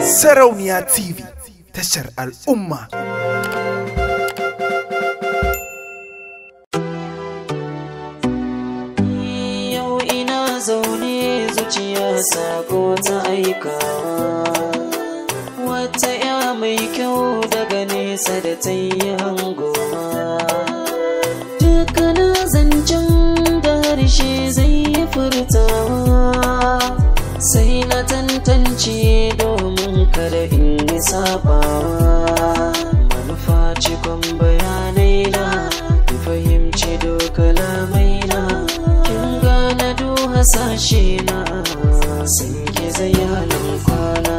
Sarauniya TV tashar al'umma. Yau ina zaune zuciya sako ta aika wata ya mai kyau daga nesa da ta yi hangowa. Dukkanin zancen da harshe zai yi furtawa sai na tantance don kada in yi sabawa manufa cikon bayanai na ki fahimci doka lamai na kin gane du hasashe na sun ki zai halin kwana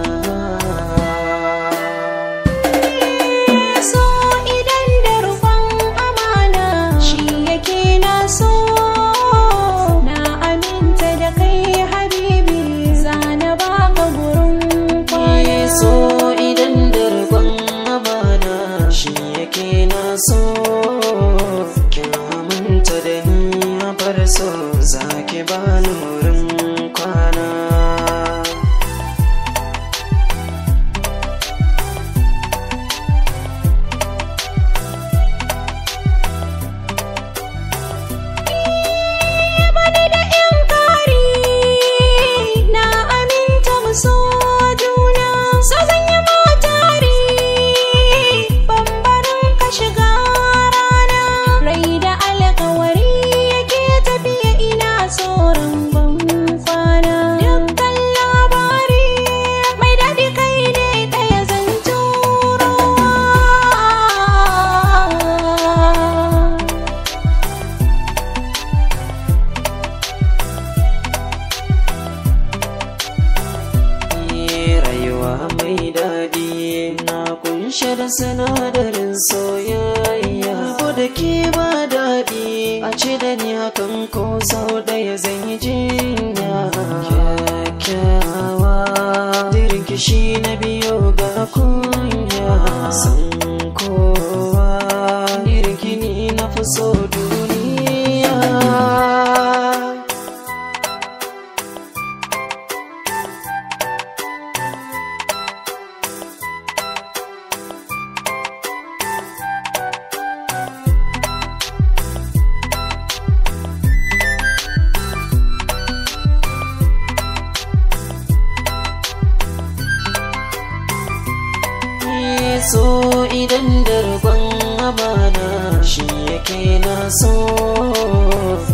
zaki ba nurin kwana cike da sinadarin soyayya ko da ke ba daɗi a ce da ni hakan ko sau ɗaya zan yi jinya kyakkyawa dirinki shi na biyo ga kunya idan da rikon amana shi yake na so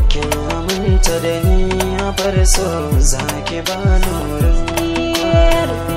kin aminta da ni a bar so zaki ba nurin kwana